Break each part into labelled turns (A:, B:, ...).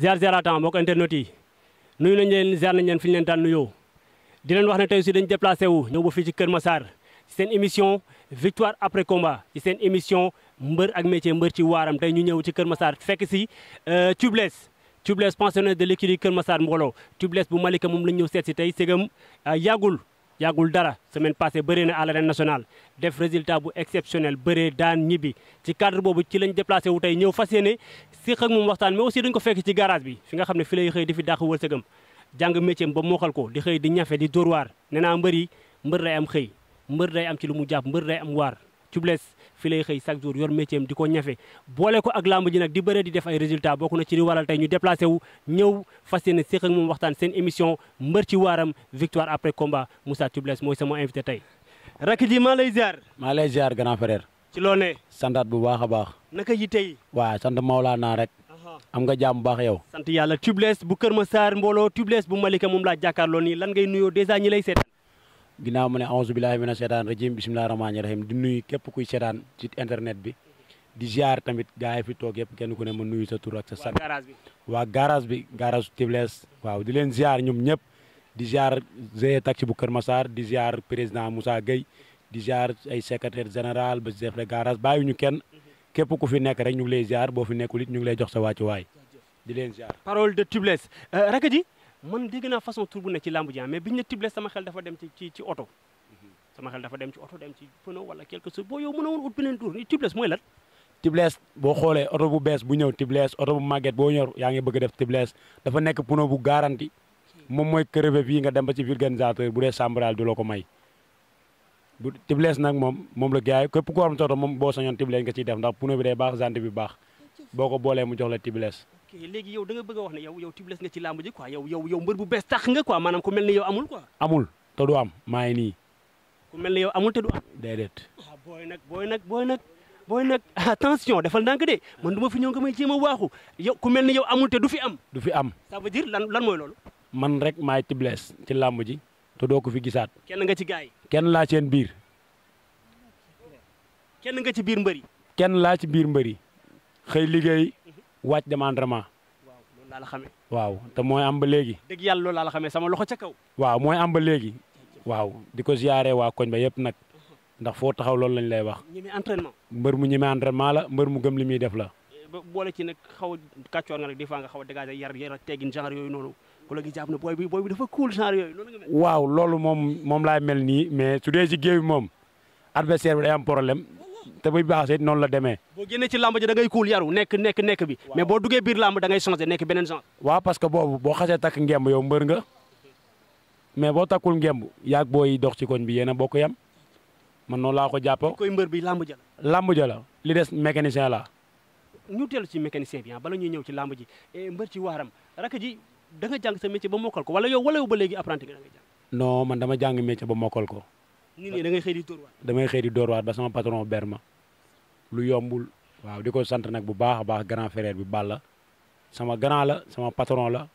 A: ziar ziaraatam mbokk internet yi nuyu nañ leen ziar nañ leen fi ñu leen daan nuyoo di leen wax ne tey si dañu déplacé wu ñëw ba fii ci Kër Massar seen émission victoire après combat ci seen émission mbër ak métier mbër ci waaram tey ñu ñëw ci Kër Massar fekk si euh, Tube Less Tube Less pensionnaire de l'écurie Kër masaar mbooloo Tube bu Malika moom la ñu ñëw seet si tey sëgam euh, yàggul yàggul dara semaine passée bëree na à l'arène nationale def résultat bu exceptionnel bëree daan ñibbi ci cadre boobu ci lañ déplacé wu tey ñëw fas yéene séq ak moom waxtaan mais aussi dañ ko fekk ci garage bi fi nga xam ne fi lay xëy di fi dàq wërsëgam jàng métier ba mookal ko di xëy di ñafe di dóor waar nee naa mbër yi mbër day am xëy mbër day am ci lu mu jàpp mbër day am waar Tubles fi lay xëy chaque jour yor métier am di ko ñafe boole ko ak làmb ji nag di bëre di def ay résultat bokk na ci li waral tey ñu déplacé wu ñëw fas yéene séq ak moom waxtaan seen émission mbër ci waaram victoire après combat Moussa Tubles mooy sama invité tey rakk ji maa lay ziar maa ci loo ne santaat bu a rek am nga jàmm baax yow sant yàlla
B: Tubles bu Kër Massar
A: mbooloo Tubles bu Malika moom laa jàkkaarloo nii lan ngay
B: ginnaaw ma ne aouzu billahi mina sheytaani rajim bisimilahi rahmaani rahim di nuyu képp kuy seetaan ci internet bi di jaar tamit gars yi fi toog yëpp kenn ku ne ma nuyu sa tur ak sa sant waa garage bi garage Tibles waaw di leen jaar ñoom ñëpp di jaar GE taxi bu Kër ma saar di jaar président Moussa Gueye di jaar ay secretaire général ba chef de garage ñu kenn képp ku fi nekk rek ñu ngi lay ziar boo fi nekkul it ñu ngi lay jox sa waay
A: di leen man dégg naa façon tur bu ne ci làmb ji ah, mais biñ ne Tip Less sama xel dafa dem ci ci ci oto mhm. sama xel dafa dem ci oto dem ci pneu wala quelque chose boo yow mënoon ut beneen
B: tur Tip Less mooy lan Tip Less boo xoolee oto bu bees bu ñëw Tip oto bu màgget boo ñor yaa ngi bëgg def Tip dafa nekk pneu bu garanti moom mooy crevé fii nga dem ba ci vulcanisateur bu dee sambral du la ko may bu Tip nag moom moom la gars yi képp ku moom boo sañoon Tip Less nga ciy def ndax pneu bi day baax boo ko boolee mu jox la Tip
A: léegi yow da nga bëgg a wax ne yow yow tibles nga ci làmb ji bu bees tax nga quoi maanaam ku mel ni yow amul quoi.
B: amul te du am maa ni yow amul te du am. déedéet.
A: ah booy booy nag booy nag booy nag ah, attention defal ndànk ma fi ñëw nga may jéem a waaxu yow ku mel ni yow amul
B: te du fi am. du fi am.
A: ça veut dire lan lan mooy loolu.
B: man rek maay tibles ci làmb ji te doo ko fi kenn nga ci gars yi. kenn laa seen biir. kenn ci biir mbër yi. kenn laa ci biir mbër yi xëy liggéey mhm. wàcc dem entraînement laa la xamee waaw te mooy am ba léegi
A: dëgg yàlla loolu laa la xamee sama loxo ca kaw
B: waaw mooy am ba léegi waaw di ko ziyaare waa koñ ba yëpp nag ndax foo taxaw loolu lañ lay wax mbër mu ñeme entraînement la mbër mu gëm li def la
A: boole ci nag xaw a kàccoor nga nag des fois nga xaw a dégager yar yar ak teggin genre yooyu noonu ku la gi jàpp ne booy bi booy bi dafa cool genre yooyu noonu
B: nga mel waaw loolu moom moom laay mel nii mais su dee ci géew bi moom adversaire bi day am problème te buy baax seet noonu la demee.
A: boo génnee ci làmb ji da ngay kuul yaru nekk nekk nekk bi. mais boo duggee biir làmb da ngay changé nekk beneen genre.
B: waaw parce que boobu boo xasee takk ngemb yow mbër nga mais boo takkul ngemb yaag booy dox ci koñ bi yéen a bokk yam man noonu laa ko jàppoo. koy mbër bi làmb ja la. làmb ja la li des mécanicien la.
A: ñu dellu ci mécanicien bi ah, bala ñuy ñëw ci làmb ji eh, mbër ci waaram rak ji da nga jàng sa métier ba mokkal ko wala yow wala ba léegi apprenti nga
B: da man dama jàng métier ba mokkal ko nit da ngay xëy di dóor damay xëy di dóor waat ba sama patron ber ma lu yombul. waaw di ko sant nag bu baax a baax grand frère bi la sama grand la sama patron la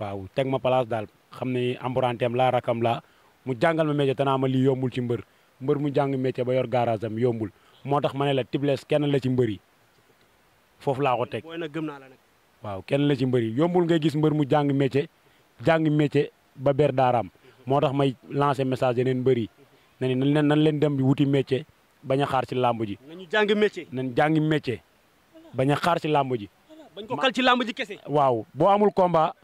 B: waaw teg ma place daal xam ne empruntéem laa rakam laa mu jàngal ma métier tanaa ma lii yombul ci mbër mbër mu jàng métier ba yor garage yombul moo tax ma ne la Tibles kenn la ci mbër yi foofu laa ko teg. gëm naa la waaw kenn la ci mbër yi yombul ngay gis mbër mu jàng métier jàng métier ba ber daaraam moo tax may lancer message yeneen mbër yi ne ni nan nan leen dem bi wuti métier bañ xaar ci làmb ji. nañu jàng métier. nañ jàngi métier bañ xaar ci làmb ji.
A: bañ ko ci làmb ji kese.
B: waaw boo amul combat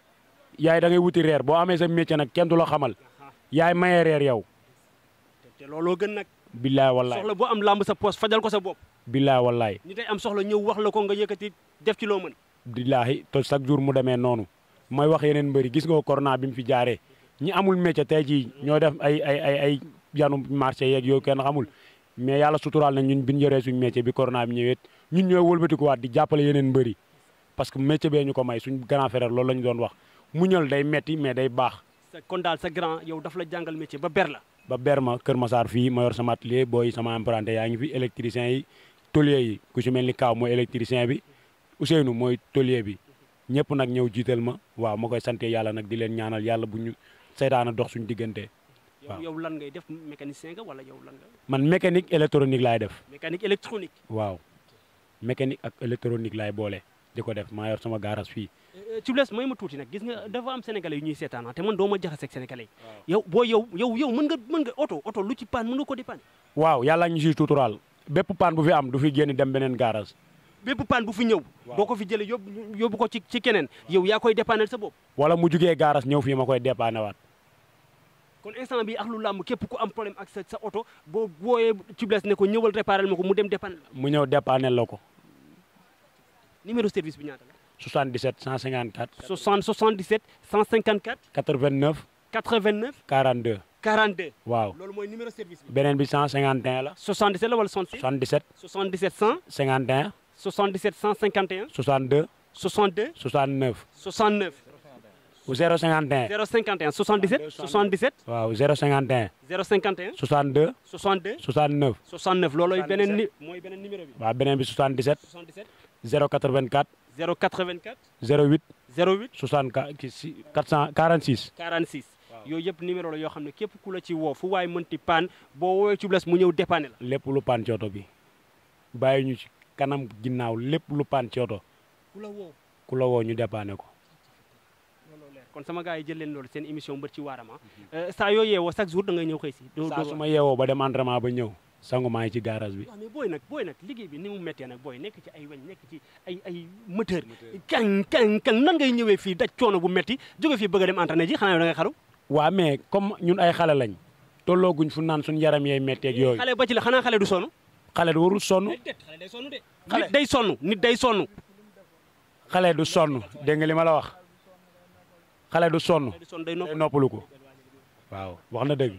B: yaay da ngay wuti reer boo amee sa métier nag kenn du la xamal yaay maye reer yow.
A: te looloo gën nag. billaay wallaay soxla boo am làmb sa poos fajal ko sa bopp.
B: billaay wallaay.
A: ñi tey am soxla ñëw wax la ko nga yëkkati def ci loo mën.
B: billaahi te chaque jour mu demee noonu mooy wax yeneen mbëri gis nga naa bi mu fi jaaree ñi amul métier tey jii ñoo def ay ay ay ay yanu marché yak yooyu kenn xamul mais yalla sutural na ñun biñu yoré suñu métier bi corona bi ñëwé ñun ko wat di jappalé yenen mbër parce que métier bi ñu ko may suñu grand frère loolu lañ doon wax muñal day metti mais day bax
A: kon daal sa grand yow daf la jangal
B: métier ba berla ba berma keur Massar fi mayor sama atelier boy sama apprenti yaa ngi fi électricien yi tôlier yi ku ci melni kaw moy électricien bi Ousseynou moy tôlier bi ñepp nag ñew jiital ma waaw makoy santé yalla nak nag di len ñaanal yalla bu ñu seytaana dox suñu digënté
A: yow lan ngay def mécanicien nga wala yow lan nga.
B: man mécanique électronique laay def.
A: mécanique électronique.
B: waaw mécanique ak électronique laay boole di ko def maa sama garage fii.
A: Tubles eh, eh, may ma tuuti nag gis nga dafa am sénégalais yu ñuy seetaan ah, te man doo ma jaxaseeg sénégalais yi. yow boo yow yow yow mën nga mën nga oto oto lu ci paan mën nga ko dépanne.
B: waaw yàlla ñu siy tuturaal bépp paan bu fi am du fi génn dem beneen garage. bépp paan bu fi ñëw doo ko fi jële yóbbu yóbbu ko ci ci keneen
A: yow yaa koy dépanner sa bopp
B: wala mu jugee gaaras fii ma koy dépanner
A: kon instant bi ak lu làmb képp ku am problème ak sa sa oto boo wooyee Tubeless ne ko ñëwal réparel ma ko mu dem dépanne la.
B: mu ñëw dépanne la ko. numéro service bi ñaata la. 77 154. 60 77 154. 89. 89. 42. 42. waaw
A: loolu mooy numéro service bi. beneen
B: bi 151 la. 77 la wala 66. 77. 77 100. 51.
A: 77
B: 151. 62. 62. 69.
A: 69.
B: 051.
A: 051 77. 77
B: waaw 051. 051. 62. 62 69. 69 loolooy beneen ni
A: mooy beneen numéro bi.
B: waaw beneen bi 77. 77 084.
A: 084.
B: 08. 08 64 446.
A: 46. yooyu yëpp numéro la yoo xam ne képp
B: ku la ci woo fu waay mënti paan boo woowee ci Blaise mu ñëw dépanne la. lépp lu paan ci oto bi bàyyi ñu ci kanam ginnaaw lépp lu paan ci oto ku la woo ku la woo ñu dépanne ko.
A: kon sama gars yi jël leen loolu seen émission mbër ci waarama euh, saa yoo yeewoo chaque
B: jour da ngay ñëw xëy si saa su yeewoo ba dem entraînement ba ñëw sangu maa ngi ci garage bi
A: mais booy nag booy nag ni mu méttee nag booy nekk ci ay weñ nekk ci ay ay
B: moteur kan kan kan ngay ñëwee fii daj coono bu metti jóge fii bëgg a dem entraîné ji xanaa yow da ngay xaru waaw mais comme ñun ay xale lañ tollooguñ fu naan suñu yaram yeey metteeg yooyu xale ba ci la xanaa xale du sonn xale du warul sonn xale day sonn nit day sonn xale du sonn dégg nga li ma la wax xale du sonn day noppalu ko waaw wax na
A: dëgg.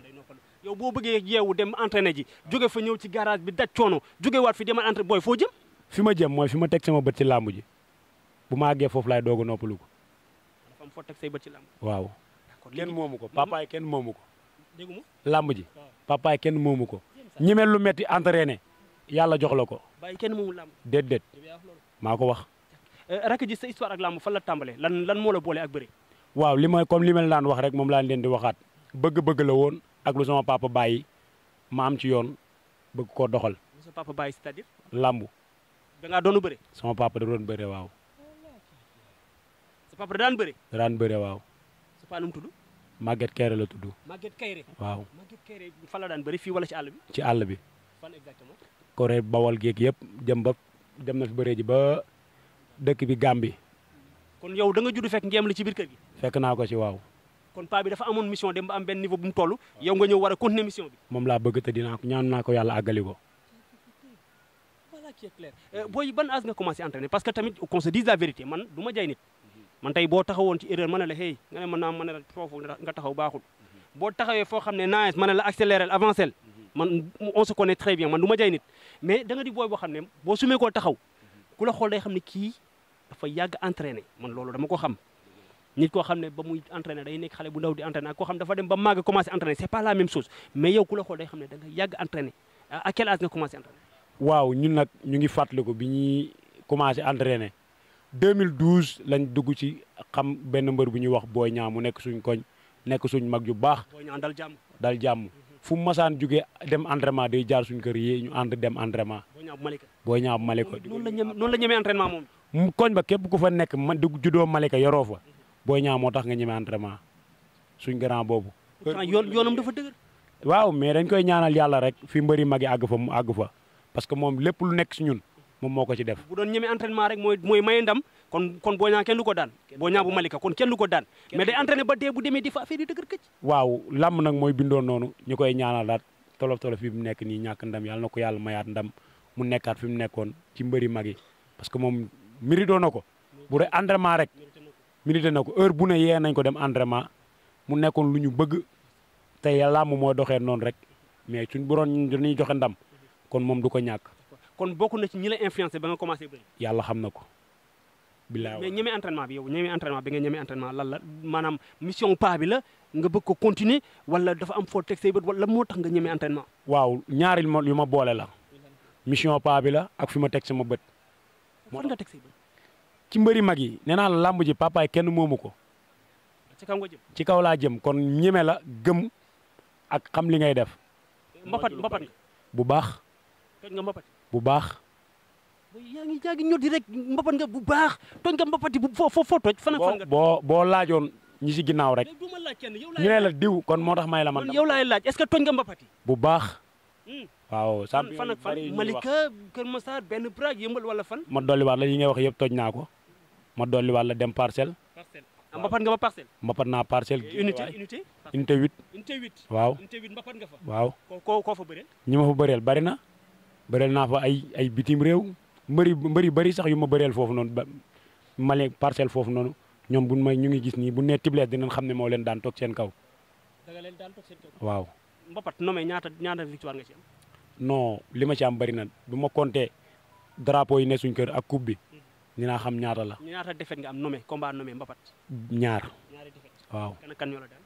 A: yow boo bëggee yeewu dem entraîné ji jóge fa ñëw ci garage bi daj coono jóge waat fi demal
B: entraîné booy foo jëm. fi ma jëm mooy fi ma teg sama bët ci làmb ji bu ma àggee foofu laay doog a noppalu ko. foo teg say bët ci làmb. waaw kenn moomu ko papaay kenn moomu ko. déggu làmb ji ah. papaay kenn moomu ko. ñemel lu metti entraîné yàlla jox la ko.
A: bàyyi kenn moomu làmb.
B: déedéet maa ko wax.
A: Eh, rakk ji sa histoire ak làmb fan la tàmbale lan lan moo la boole ak bëri.
B: waaw li ma comme li mel la wax rek moom laa leen di waxaat bëgg-bëgg la woon ak lu sama papa bàyyi ma am ci yoon bëgg koo doxal.
A: lu papa bàyyi c'est-à-dire.
B: lamb da ngaa doon bëri. sama papa da doon bëri waaw.
A: sa papa da daan bëri.
B: da daan bëri waaw. sa papa nu mu tudd. Maguette Kayre la tudd. Maguette Kéré waaw
A: Maguette Kéré fa la daan bëri fii wala ci àll bi. ci àll bi. fan exactement.
B: Corée Bawol geeg yëpp jëm ba dem na fi bëree ji ba dëkk bi Gambie.
A: kon yow da nga judd fekk ngeem la ci biir kër gi.
B: fekk naa ko si waaw.
A: kon paa dafa amoon mission dem ba am benn niveau bu mu toll. yow nga ñëw war a continuer mission
B: bi. moom laa bëgg te dinaa ko ñaan naa ko yàlla àggali ko.
A: Euh, booy ban âge nga commencé entraîner parce que tamit qu'on se dise la vérité man du ma jay nit. man tey boo taxawoon ci erreur ma la hey nga ne mën naa a foofu nga taxaw baaxul. boo taxawee foo xam ne naaj ma ne la accéléré avancé man on se connaît très bien man du ma jay nit mais da nga di booy boo xam ne boo sumee koo taxaw ku la xool day xam ne kii dafa yag entraîner man lolu dama ko xam nit ko xamne ba muy entraîner day nek xalé bu ndaw di entraîner ko xam dafa dem ba mag commencer entraîner c'est pas la même chose mais yow kula xol day xamne da nga yag entraîner à quel âge nga commencer entraîner
B: waaw ñun nak ñu ngi fatlé ko ñuy commencer entraîner 2012 lañ dugg ci xam benn mbeur bu ñu wax Boy ñaamu nek suñ koñ nek suñ mag yu baax. Boy Niang dal jamm dal jamm mhm. fu mu juggé dem entraînement day jaar suñ kër yi ñu and dem entraînement. Boy ñaamu Malika Boy ñaamu Malika. non
A: la ñëmé noonu la ñeme entraînement mom
B: koñ ba képp ko fa nekk man di juddoo Malika yoroo fa Boy Niang moo tax nga ñeme entraînement suñ grand boobu.
A: pourtant yoon yoonam dafa dëgër.
B: waaw mais dañ koy ñaanal yàlla rek fi mbëri magi àgg fa mu àgg fa parce que moom lépp lu nekk si ñun moom moo ko ci def. bu
A: doon ñeme entraînement rek mooy mooy may ndam kon kon Boy Niang kenn du ko daan. Boy Niang bu Malika kon kenn du ko daan. mais day entraîné ba dee bu demee di fa affaire yi dëgër këcc.
B: waaw làmb nag mooy bindoon noonu ñu koy ñaanal daal tolof tolof fi mu nekk nii ñàkk ndam yàlla na ko yàlla mayaat ndam mu nekkaat fi mu nekkoon ci mbëri yi parce que mérito na ko bu dee entraînement rek mérité na ko heure bu ne yee nañ ko dem entraînement mu nekkoon lu ñu bëgg te làmb moo doxee noonu rek mais suñ bu doon dañuy joxe ndam kon moom du ko ñàkk.
A: kon bokk na ci ñi la influencé ba nga commencé bëri.
B: yàlla xam na ko. bilaay
A: mais ñeme bi yow ñeme bi nga ñeme entraînement lan la maanaam mission pas bi la nga bëgg ko continuer wala dafa am foo
B: teg say bët wala moo tax nga ñeme entraînement. waaw ñaari yu ma boole la. mission pas bi la ak fi ma teg sama bët. moo la teg si ci mbeuri magi neena nee la ji papaay kenn momuko ci kaw nga jëm ci kaw la jëm kon ñëmé la gëm ak xam li ngay def. mbapat mbapat bu baax. toj nga mbapat. bu baax. yaa ngi jaagi ñoddi rek mbapat nga bu baax toj nga mbapati bu fo fo toj. fana fana bo bo lajoon ñi ci ginnaaw rek.
A: ñu
B: ne la diw kon motax may la man. yow
A: lay laaj est-ce que toj nga mbapati. bu baax. Hmm.
B: waaw champion fan ak fan Malika
A: Kër Massar benn Prague yëmbal wala fan
B: ma dolli waat la yi ngay wax yëpp toj naa ko ma dolli waat la dem parcelle
A: ah, mbapat nga ba parcelle
B: naa parcelle unité unité unité huit unité huit waaw
A: unité huit mbapat nga fa waaw ko koo fa bëreel
B: ñi ma fa bëreel bari na bëreel naa fa ay ay bitim réew mbëri mbëri bëri sax yu ma bëreel foofu noonu ba Mali parcelle foofu noonu ñoom buñ may ñu ngi gis nii bu nee tiblees dinañ xam ne moo leen daan toog seen kaw
A: da nga leen daan toog seen kaw waaw nga ci
B: non lima ci am bari na buma konté drapeau yi ne suñ kër ak coupe bi dinaa xam ñaata la.
A: ñaata defet nga am nomé combat nomé mbapat. ñaar ñaari waaw. kan kan ñoo dal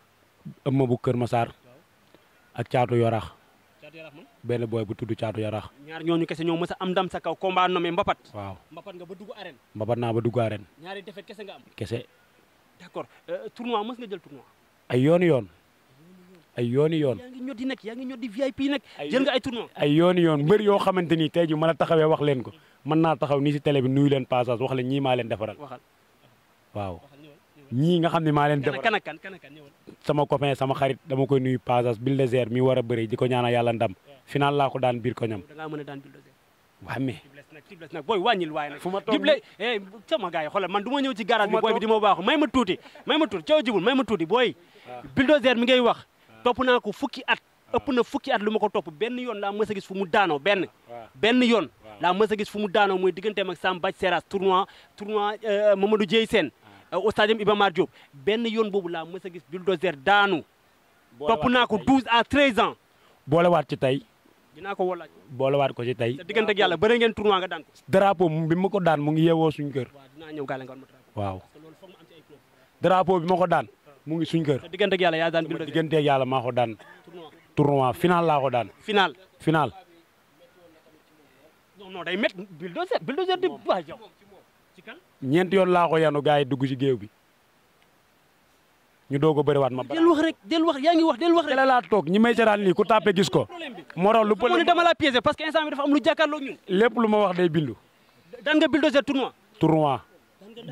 B: amma bu Kër Massar ak caatu yorax. caatu yorax man benn boy bu tuddu caatu yorax.
A: ñaar ñoñu kessé ñoo mësa am dam sa kaw combat
B: nomé mbapat. waaw
A: mbapat nga ba dugg arène.
B: mbapat na ba dugg arène.
A: ñaari defet kessé nga am. kessé d'accord euh, tournoi mës nga jël tournoi.
B: ay yoon yoon. ay yooni yoon yaa
A: ngi ñoddi nag yaa ngi ñoddi VIP nag jël nga ay tournoi
B: ay yooni yoon mbër yoo xamante ni tey ji mën a taxawee wax leen ko mën naa taxaw nii si télé bi nuyu leen passage wax leen ñii maa leen defaral waaw ñii nga xam ne maa leen defaral sama copain sama xarit dama koy nuyu passage Bulldozer mi war a bëri di ko yàlla ndam final laa ko daan biir
A: waa mais Tibles eh, sama gars yi man du ñëw ci garage bi booy bi di ma may ma tuuti may ma tuuti coow jibul may ma tuuti booy ah. Bulldozer mi ngay wax topp naa ko fukki at ah. ëpp na fukki at lu ma ko topp benn yoon laa mës a gis fu mu daanoo benn ah. benn yoon ah. laa mës gis fu mu daanoo mooy digganteem ak Sam Badj Seras tournoi tournoi euh, Mamadou Dieye Sène euh, au stadium Iba Mar Diop benn yoon boobu laa mës a gis bulldozer daanu topp naa ko 12 à
B: 13 ans boolewaat ci tey dinaa ko wolaat boolewaat ko ci tey sa
A: diggante ak yàlla bëri ngeen tournoi nga
B: daan ko bi ma ko daan mu ngi yeewoo suñ kër waaw
A: dinaa ñëw gàlle nga
B: waaw drapeau bi ma ko daan mu ngi suñ kër. digënté ak yalla ya daan bindu digënté ak yalla mako daan. tournoi final la ko daan. final final.
A: non non day met bulldozer bulldozer di ba jaw
B: ci kan ñent yoon la ko yanu gaay dugg ci geew bi. ñu dogo bari bëriwaat ma. ba del wax rek del wax ya ngi wax del wax rek. la tok ñi may seetaan ni ku tapé gis ko. moo lu bëri dama la piéger parce que instant bi dafa am lu jàkkaarloo ñun. lepp lu ma wax day bindu. daan nga bulldozer tournoi. tournoi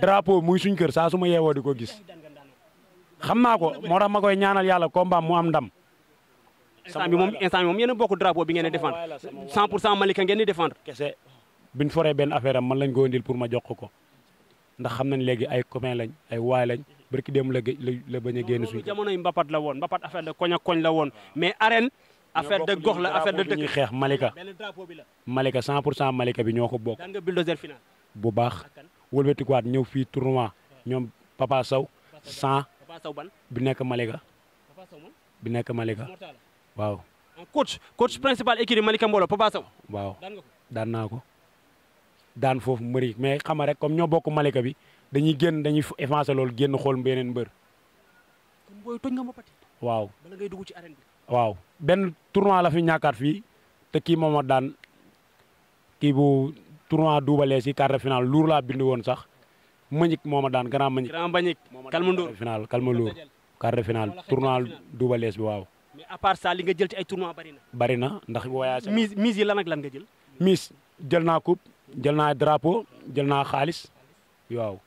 B: drapeau muy suñ kër sa suma yéwo yeewoo di ko gis. xam naa ko moo tax ma koy ñaanal yàlla combat mu am ndam.
A: instant bi moom instant bi moom yéen a bokk drapeau bi ngeen di défendre 100 pour cent Malika ngeen di défendre. kese
B: biñ foree benn affaire am man lañ ko indil pour ma jox ko ndax xam nañ léegi ay commun lañ ay waay lañ barki dem la la bañ a génn suñu.
A: jamonoy mbapat la woon mbapat affaire de koñ ak koñ la woon mais
B: arène. affaire de gox la affaire de dëkk ñuy xeex Malika. Malika 100 pour cent Malika bi ñoo ko bokk. daan
A: nga bulldozer final.
B: bu baax wëlbatikuwaat ñëw fii tournoi ñoom Papa Sow 100. Papa
A: Sow ban coach coach principal équipe Malika Mbolo Papa Sow
B: waaw dan naa dan daan foofu mbëri mais xama rek comme bokk Malika bi dañuy gen, dañuy avancer lol génn xool beneen mbër
A: comme booy toj nga ma pati waaw bala ngay dugg ci arène bi
B: waaw benn tournoi la fi ñàkkaat fii te kii mooma daan kii bu tournoi duubalee si quart de finale lour sax Manick moo ma daan grand Manick. grand Manick Kalmandoor final Kalmandoor. quart de finale tournoi Double Less bi waaw.
A: mais à part ça bari na.
B: bari na ndax voyage. mise
A: mise yi lan ak lan nga jël.
B: mise jël naa coupe jël naa drapeau jël naa xaalis waaw.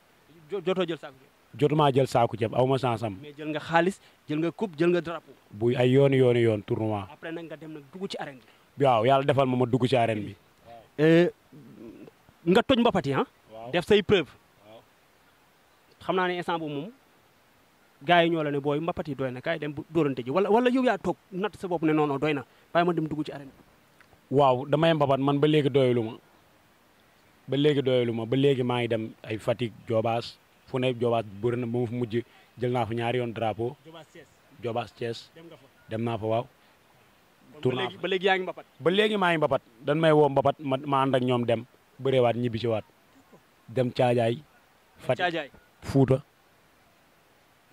A: jotoo jël saako ceeb.
B: jotumaa jël saako ceeb aw ma sans mais
A: jël nga xaalis jël nga coupe jël nga drapeau.
B: buy ay yoon yoon yoon tournoi.
A: après nag nga dem nag dugg ci arène
B: bi. waaw yàlla defal ma ma dugg ci arène bi. nga toj mbapat yi ah? def say preuve. xam naa ne instant
A: bu moom gars yi ñoo la ne booy mbapat yi doy na kaay dem dóorante ji wala wala yow yaa toog natt
B: sa bopp ne non non doy na waaye ma dem dugg ci arène waaw damay mbapat man ba léegi doyulu ma ba léegi doyulu ma ba léegi maa ngi dem ay Fatick Diobass fu ne Diobass na ba mujj jël naa fa ñaari yoon drapeau Diobass Thiès dem naa fa waaw tour naa ba léegi yaa ngi mbapat ba léegi maa ngi mbapat may woo mbapat ma ma ak ñoom dem bëreewaat ñibbi ci waat dem caajaay Fatick Fuuta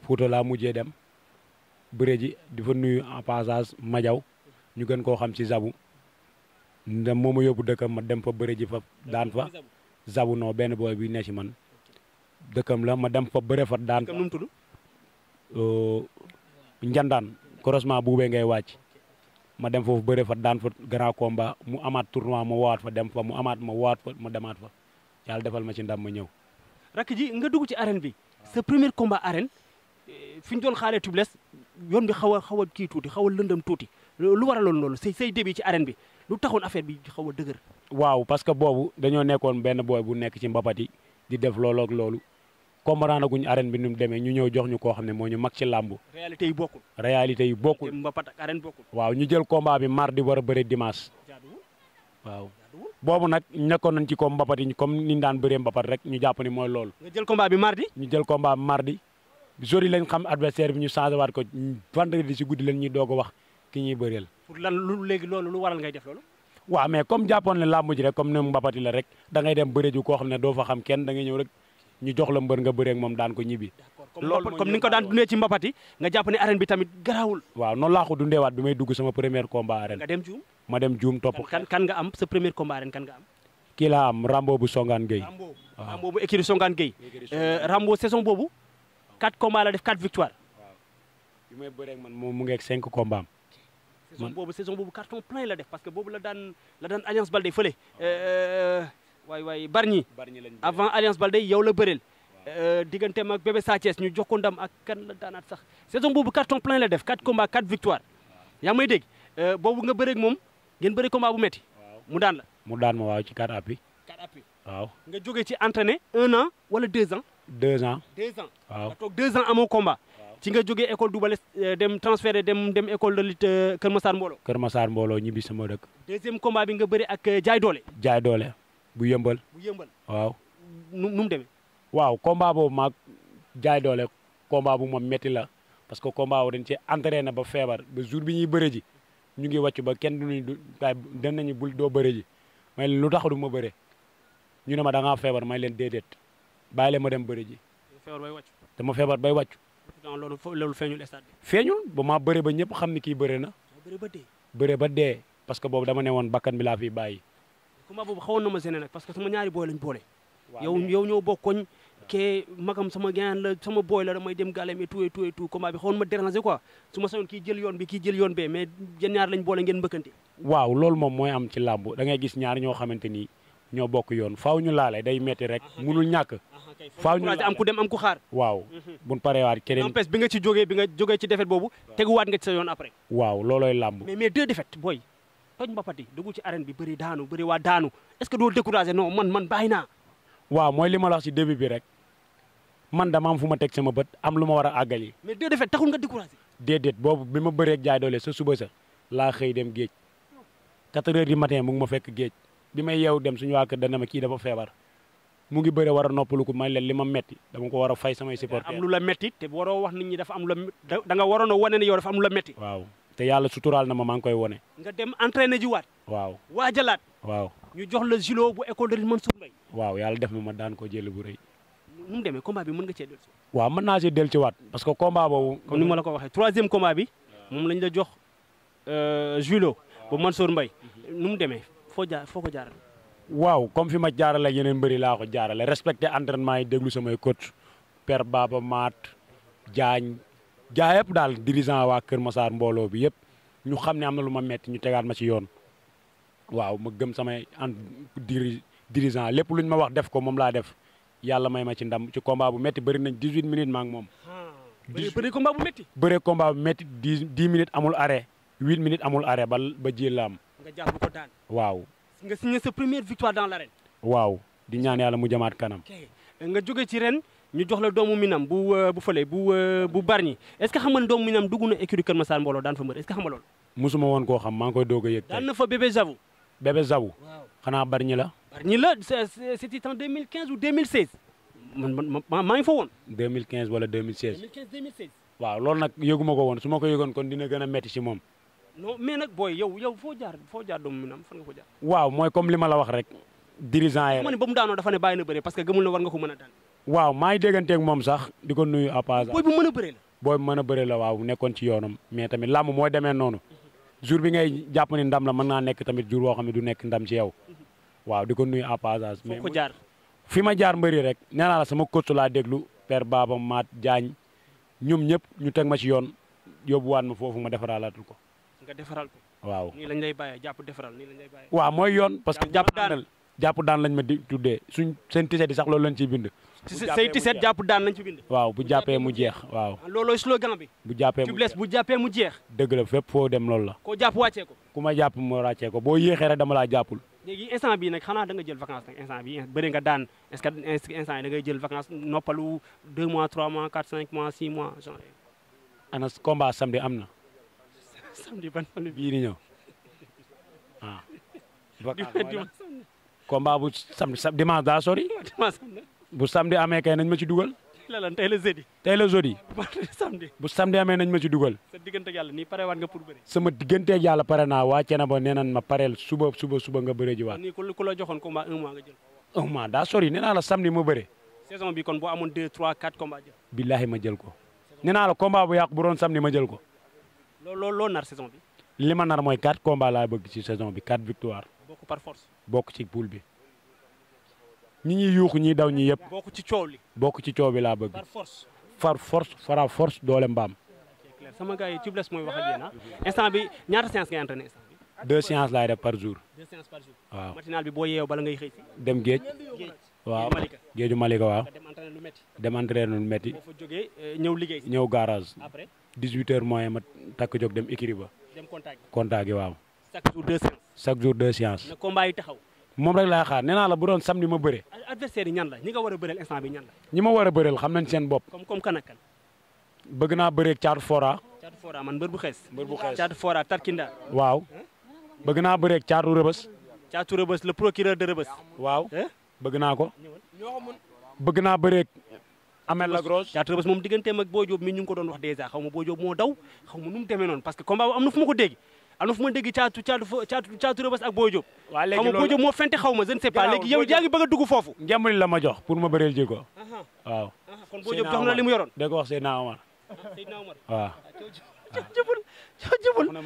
B: Fuuta laa mujjee dem bëre di fa nuyu en passage Majaw ñu gën koo xam ci Zabu ndem moo ma yóbbu dëkkam ma dem fa bëre ji fa daan fa Zabu non benn booy bi ne ci man dëkkam la ma dem fa bëre fa daan fa njandaan croisement buubee ngay wàcc ma dem foofu bëre fa daan fa grand combat mu amaat tournoi ma wowaat fa dem fa mu amaat ma wowaat fa ma demaat fa yàlla defal ma ci ndam ma ñëw
A: rakk ji nga dugg ci arène bi sa premier combat arène eh, fi ñu doon xaaree Tubeless yoon bi xaw a xaw a kii tuuti xaw a lëndëm tuuti lu waraloon loolu say say début ci arène bi lu taxoon affaire bi xaw a dëgër.
B: waaw parce que boobu dañoo nekkoon benn booy bu nekk ci mbapat yi di def loolook loolu comprendre guñ arène bi nu mu demee ñu ñëw jox ñu koo xam ne moo ñu mag ci làmb. réalité yi bokkul. yi bokkul mbapat ak arène bokkul. waaw ñu jël combat bi mar di war a bëre dimanche. waaw boobu nag nekkoon nañ ci ko mbapat yi comme ni ñu daan bëree mbapat rek ñu jàpp ni mooy loolu. nga jël combat bi mardi. ñu jël combat bi mardi jour lañ xam adversaire bi ñu changé waat ko vendredi si guddi lañ ñuy doog a wax ki ñuy bëreel.
A: pour lan lu léegi loolu lu waral ngay def loolu.
B: waaw mais comme jàppoon ne làmb ji rek comme ni mbapat yi la rek da ngay dem bëre ju koo xam ne doo fa xam kenn da ngay ñëw rek ñu jox la mbeur nga bëree ak mom daan ko ñibi comme ni nga ko daan dundé ci mbapati nga japp ni arène bi tamit grawul waaw non la ko dundeewaat bi may dugg sama premier combat arène. nga dem juum ma dem juum top kan kan nga am sa premier combat arène kan nga am. ki la am Rambo bu Songane gay. Rambo
A: Rambo bu écurie Songane euh
B: Rambo saison bobu
A: 4 combat la def 4 victoires. waaw
B: bi may bëree ak man mo mu ngeek 5 combat am.
A: saison bobu saison bobu carton plein la def parce que bobu la daan la daan alliance Baldé euh, euh waay waay Bargny avant Alliance Baldé yow la bëreel euh, digganteem ak bébé Sa Thiès ñu jox ko ak kan la daanaat sax saison boobu carton plein la def 4 combats 4 victoire yaa may dégg euh, boobu nga bëreeg moom ngeen bëri combat bu metti mu daan la
B: mu daan ma waaw ci 4 appui
A: 4 appui waaw nga jógee ci entraîné un an wala deux ans deux ans deux ans waaw nga toog amoo combat ci nga jógee école Doubalé euh, dem transféré dem dem école de lutte Kër
B: Massar Mbolo Kër Massar Mbolo ñibbi sama dëkk
A: deuxième combat bi nga bëri ak Jaay Doole
B: bu yëmbal. bu yëmbal waaw. nu nu mu demee. waaw combat boobu maag jaay doole combat bu ma métti la parce que combat boobu dañ ci entraîné ba feebar ba jour bi ñuy bëre ji ñu ngi wàcc ba kenn duñu du waaye danañu bul doo bëre ji lu tax ma bëre ñu ne ma da ngaa feebar may leen déedéet bàyyi leen ma dem bëre ji. feebar feebar bay wàcc. feeñul ba maa bëre ba ñëpp xam ni kii bëre na. bëre ba dee. ba dee parce que boobu dama ne woon bakkan bi laa fi bàyyi.
A: combat boobu xawoon na ma sene nag parce que sama ñaari booy lañ boole yow yow ñoo bokkoñ ke magam sama gaan la sama booy la damay dem gàllem et tout et tout et tout bi xawoon ma déranger quoi su ma sañoon kii jël yoon bi kii jël yoon
B: gis ñaar ñoo xamante ni ñoo bokk yoon faaw ñu laale day metti rek munul ñàkk faaw ñu am ku dem am ku waaw mhm. buñ pareewaat
A: bi nga ci bi nga jógee ci défaite boobu teguwaat nga ci sa yoon après
B: waaw loolooy làmb mais
A: mais deux booy toj mbapat yi dugg ci arène bi bëri daanu bëri waa daanu est-ce que doo découragé
B: non man man bàyyi naa. waaw mooy li ma la wax ci début bi rek man dama am fu ma teg sama bët am lu ma war a àggali.
A: mais deux défaites taxul nga découragé.
B: déedéet boobu bi ma bëreeg jaay sa suba sa laa xëy dem géej 4 heures du matin mu ngi ma fekk géej bi may yeew dem suñu waa dana ma kii dafa feebar. mu ngi bëre war a noppalu li ma metti dama ko war a fay samay supporter am lu
A: la metti te waroo wax nit ñi dafa am la da nga waroon a wane ne yow dafa am lu la metti
B: waaw te yàlla suturaal na ma maa ngi koy wone
A: nga dem entraîné ji waat. waaw waajalaat. waaw ñu jox la julo bu école man Mansour Mbaye.
B: waaw yàlla def na ma daan ko jël bu rëy.
A: nu mu demee combat bi mën nga cee dellu si.
B: waaw mën naa waat parce que combat boobu. comme ni ma la ko waxee
A: troisième combat bi moom lañ la jox euh, julo bu Mansour Mbaye nu mu demee foo jaar foo ko jaaral.
B: waaw comme fi ma jaarale yeneen mbëri laa ko jaarale respecté entrainement yi déglu samay coach père Baba Maat Diagne gaa dal dirigeant wa keur Massar mbolo bi yep ñu xamni amna luma metti ñu tégaat ma ci yoon waaw ma gëm sama diri dirigeant lepp luñ ma wax def ko mom la def yalla may ma ci ndam ci combat bu metti bari nañ 18 minutes maa mom. moom. bëri combat bu metti bari combat bu metti 10 minutes amul arrêt 8 minutes amul arrêt ba ba jéelaam.
A: nga jàpp ko daan. waaw. nga signé sa première victoire dans l'arène.
B: waaw di ñaan yalla mu jamaat kanam. nga joggé ci ren. ñu jox la doomu minam bu euh, bu fële
A: bu euh, bu barñi est ce doomu minam dugg na écurie Kër Massar mbooloo daan fa mbër est ce que xam
B: nga woon koo xam maa ngi koy doog a yëg daan na fa bébé Zabu bébé Zabu xanaa barñi la barñi la c'était en 2015 ou 2016 man maa ngi fa woon 2015 wala 2016
A: 2015 2016
B: waaw loolu ko woon kon dina a métti si moom
A: non mais nag booy yow yow foo jaar foo jaar doomu minam fan nga ko
B: waaw mooy comme wax rek dirigeant yi
A: a daan
B: waaw maa ngi dégganteeg moom sax di ko nuyu à part. booy bu mën a bëree la. booy bu a bëree la waaw nekkoon ci yoonam mais tamit làmb mooy demee noonu jour bi ngay jàpp ni ndam la mën naa nekk tamit jour boo xam ne du nekk ndam ci yow waaw di ko nuyu à part. mais ko jaar fi ma jaar mbëri rek nee la sama coach laa déglu père Baba Maat jaañ ñoom ñëpp ñu teg ma ci yoon waan ma foofu ma defaralaatul ko.
A: nga defaral ko. waaw lañ lay bàyyee jàpp defaral nii lañ lay bàyyee. waaw mooy yoon parce que jàpp daan
B: jàpp daan lañ ma di tuddee suñ seen tiset di sax loolu lañ ciy bind say tiset jàpp daan nañ ci bind waaw bu jàppee mu jeex waaw ah, slogan bi bu jàppee mu jeex bu jàppee mu jeex dëgg la fépp foo dem loolu la koo jàpp wàccee ko ku ma jàpp moo ràccee ko boo yéexee rek dama laa jàppul
A: léegi instant bii nag xanaa da nga jël vacance nag instant bi bëri nga daan est-ce que instant yi da ngay jël vacance noppalu 2 mois 3 mois 4 5 mois 6 mois genre
B: ana combat samedi am na samedi ban di ñëw waaw ah. combat bu samedi dimanche daa sori bu samedi amee kay nañ ma ci dugal.
A: la lan tey la jeudi. tey la jeudi. samedi.
B: bu samedi amee nañ ma ci dugal.
A: sa digganteeg yàlla nii
B: pare naa waa Thiénaba nee ma pareel suba suba suba nga bëree ji nii
A: ku la joxoon combat un nga jël.
B: un daa sori nee naa la samedi ma bëre. bi kon billaahi ma jël ko. nee la combat bu yàqu bu doon samedi ma jël ko.
A: loo loo nar saison bi.
B: li mooy quatre combat laa bëgg ci saison bi quatre victoire. bokk par force. bokk ci poule bi. ñi ñuy yuuxu ñiy daw ñi yëpp.
A: bokk ci coow li
B: bokk ci coow bi laa bëgg. par force far force fara force doole mbaam.
A: sama gars yi tubeless mooy wax ak yéen ah. instant bi ñaata séance ngay entraîné instant
B: bi. deux séances laay def par jour.
A: deux séances waaw. bi boo yeewoo bala ngay xëy si. dem géej. géej waaw géeju Malika waaw. dem entraîné lu métti. dem entraîné lu métti. boo fa jógee euh,
B: ñëw liggéey. ñëw garage. après 18 heures moyen ma takk jóg dem écurie ba. dem contact contact yi waaw.
A: chaque jour deux séances. chaque jour deux
B: moom rek laa xaar neenaa naa la bu doon samedi ma bëre.
A: adversaire yi ñan la ñi nga war a bëreel instant bi ñan la.
B: ñi ma war a bëreel xam nañ seen bopp.
A: comme comme kan ak kan.
B: bëgg naa bëreeg caatu fora.
A: caatu fora man mbër bu xees. mbër bu xees caatu fora tarkinda.
B: waaw bëgg naa bëreeg caatu rëbës.
A: caatu rëbës le procureur de rëbës. waaw
B: bëgg naa ko. bëgg naa bëreeg. Amel la
A: grosse caatu rëbës moom digganteem ak Boy Diop mi ñu ngi ko doon wax dèjà xaw ma Boy Diop moo daw xaw ma nu mu demee noonu parce que combat am na fu ko dégg am na fu ma dégg caatu caatu caatu caatu rëbës ak Boy Diop. waaw léegi loolu xam o Boy moo fente xaw ma a
B: dugg foofu. njambali la ma jox pour ma bëreel jéego. waaw kon na li mu yoroon. da ko wax Seydina Omar. Seydina Omar waaw.
A: Ah, jubul jubul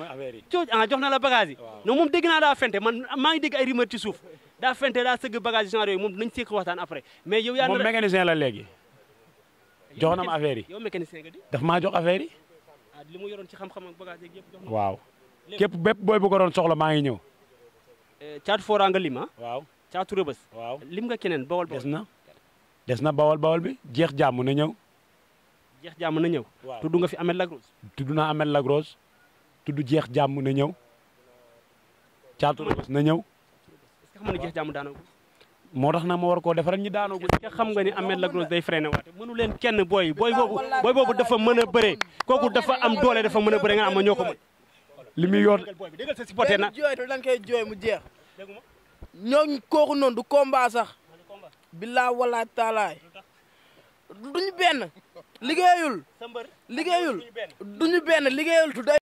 A: coo ah jox na la bagage yi moom dégg naa daa fente man maa ngi dégg ay rumeur ci suuf daa fente daa sëgg bagage yi genre moom nañ seek waxtaan après mais yow yaa moom la
B: léegi jox na ma affaire yi yow mécanicien nga di maa jox affaire yi
A: ah, li mu yoroon ci xam-xam ak
B: waaw Kep bep boy bu ko don soxla ma ngi ñew
A: eh, chat fo rang lima ah? waaw chat tu Rëbës. waaw lim nga kenen bawal bawal. desna
B: desna bawol bawol bawal bawal bi jeex jàmm na ñew
A: jeex jàmm na ñew tuddu nga fi
B: Amel Lagros. tuddu na Amel Lagros tuddu jeex jàmm na chat tu Rëbës na ñew
A: est-ce que xam nga jeex jamu daanoo
B: moo tax nag ma war koo defaral ñi daanoo ko xam nga ni Amel grosse day freiner waate mënu len kenn boy boy bobu
A: boy bobu dafa mëna béré koku dafa am doole dafa mëna béré nga am ñoko mëna li muy yor déggal sa supporter na jooy to dañ koy jooy mu jeex ñooñu kooku noonu du combat sax billaa wala taalaay duñu benn liggéeyul liggéeyul duñu benn liggéeyul tu day